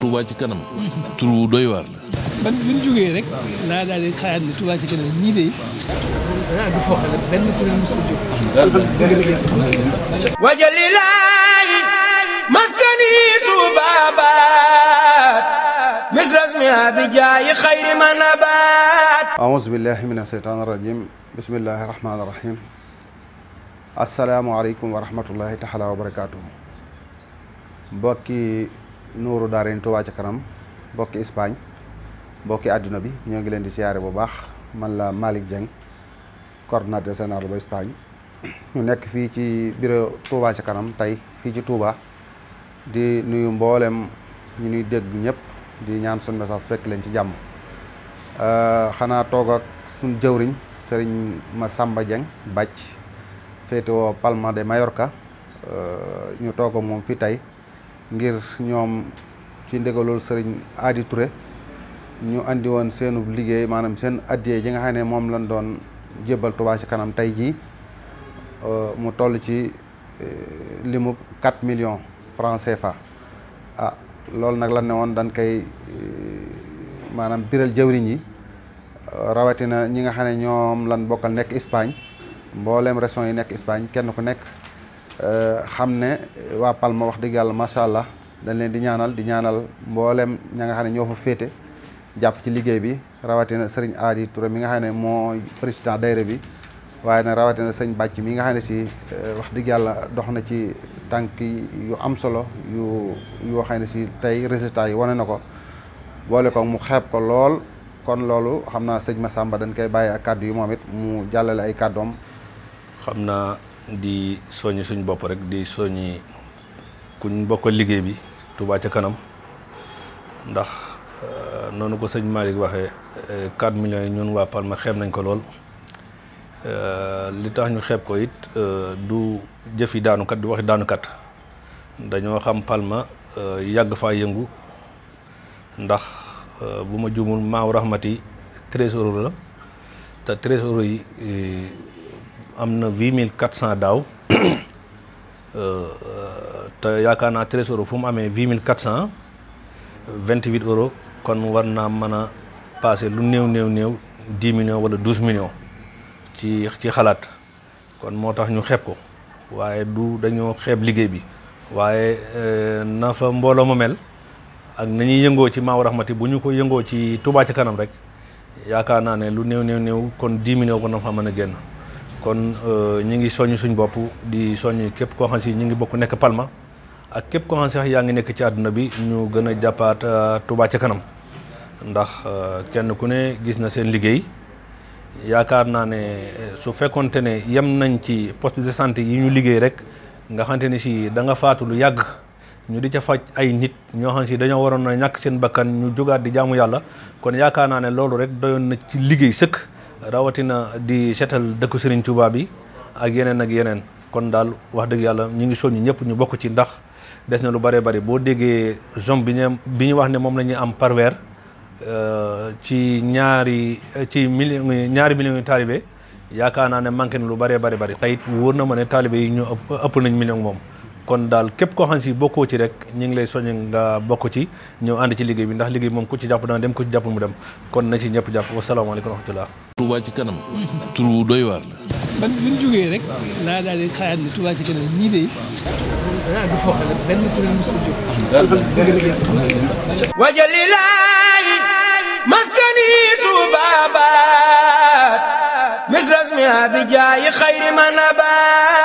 Touba ci kanam. tur wu doy waar la. man bi ñu jógee rek. laa daal di xalaat ne Touba ci kanam nii de. du foo xam ne benn kuréel mu si jóg. wajalilaayi maskani Touba baat misras mi abijaayi xayri man abaat. aouzu billahi mina seytaani rajim bismillahi rahmaani rahim. asalaamualeykum wa rahmatullahi taala wa barakaatuhu. mbokki. Nuuru Daarayni Touba ca kanam mbokki Espagne mbokki àdduna bi ñoo ngi leen di siyaare bu baax man la Malick jeng coordonnateur général ba Espagne ñu nekk fii ci bureau Touba ca kanam tey fii ci Touba di nuyu mboolem ñu nuy dégg ñëpp di ñaan sun message fekk leen ci jàmm euh, xanaa toog ak suñ jëwriñ sëriñ Massamba Dieng bàcc féetewoo Palma de Mallorca euh, ñu toog moom fii tey ngir ñoom ci ndegaloolu sëriñ Adi Touré ñu andi woon seenub liggéey maanaam seen addiyee ji nga xam ne moom lañ doon jébbal Touba ci kanam tey jii mu toll ci eh, limu 4 million francs fa ah loolu nag la ne woon dañ koy eh, maanaam biral jawriñ yi rawatina ñi nga xam ne ñoom lan bokkal nekk Espagne mbooleem région yi nekk Espagne kenn ku nekk Euh, xam ne euh, waa Palma wax dëgg yàlla macha allah dañ leen di ñaanal di ñaanal mboolem ña nga xam ne ñoo fa féete jàpp ci liggéey bi rawatina sëriñ Aadi Touré mi nga xam ne moo président daayira bi waaye nag rawatina sëñ bàcc mi nga xam ne si euh, wax dëgg yàlla dox na ci tànk yu am solo yu yoo ne si tey résultat yi wane na ko boole ko mu xeeb ko lool kon loolu xam naa sëñ Massamba dañ koy bàyyi ak kàddu yi moom it mu jàllale ay kàddoom xam naa di soññi suñ bopp rek di soññi kuñ bokkal liggéey bi Touba ca kanam ndax euh, noonu ko sëñ Malick waxee 4 euh, millions yi ñun waa Palma xeeb nañ ko lool euh, li tax ñu xeeb ko it du jëfi daanukat du waxi daanukat dañoo xam Palma yàgg faa yëngu ndax bu ma juumul maaw rahmati treize euros la te treize yi am na huit mille quatre cent daaw euh, te yaakaar naa treize euros fu mu amee huit mille quatre cent vingt huit euros kon war naa mën a passé lu néew néew néew dix million wala douze millions ci ci xalaat kon moo tax ñu xeeb ko waaye du dañoo xeeb liggéey bi waaye euh, na fa mbooloo mu mel ak na ñuy yëngoo ci Maawu Rahmati bu ñu ko yëngoo ci Touba ci kanam rek yaakaar naa ne lu néew néew néew kon dix millions ko na fa mën a génn kon euh, ñi ngi soññ suñ bopp di soññ képp koo xam si ñu ngi bokk nekk Palma ak képp koo xam si yaa ngi nekk ci àdduna bi ñu gën a jàppaat euh, Touba ca kanam ndax euh, kenn ku ne gis na seen liggéey yaakaar naa ne su fekkonte ne yem nañ ci poste de santé yi ñu liggéey rek nga xamante ne si da nga faatu lu yàgg ñu di ca faj ay nit ñoo xam si dañoo waroon na ñàkk seen bakkan ñu jógaat di jaamu yàlla kon yaakaar naa ne loolu rek doyoon na ci liggéey sëkk rawatina di seetal dëkku Serigne Touba bi ak yeneen ak yeneen kon daal wax dëgg yàlla ñu ngi soññ ñëpp ñu bokk ci ndax des na lu bëree bëri boo déggee zone bi ñu bi ñu wax ne moom la ñuy am parweer weer euh, ci ñaari ci million ñaari millions yu taalibe yaakaar naa ne manqué na lu bëree bëri bëri. tayit wóor na ma ne taalibe yi ñu ëpp nañ million moom kon daal képp koo xam si ci rek ñu ngi lay soññ nga bokk ci ñëw ànd ci liggéey bi ndax liggéey moom ku ci jàpp dana dem ku ci jàpp mu dem kon na ci ñëpp jàpp wasalaamaaleykum wa rahmatulah. Touba ci kanam. tur wu doy waar la. man bi ñu jógee rek. laa daal di xalaat ne Touba ci kanam nii de. mi abijaayi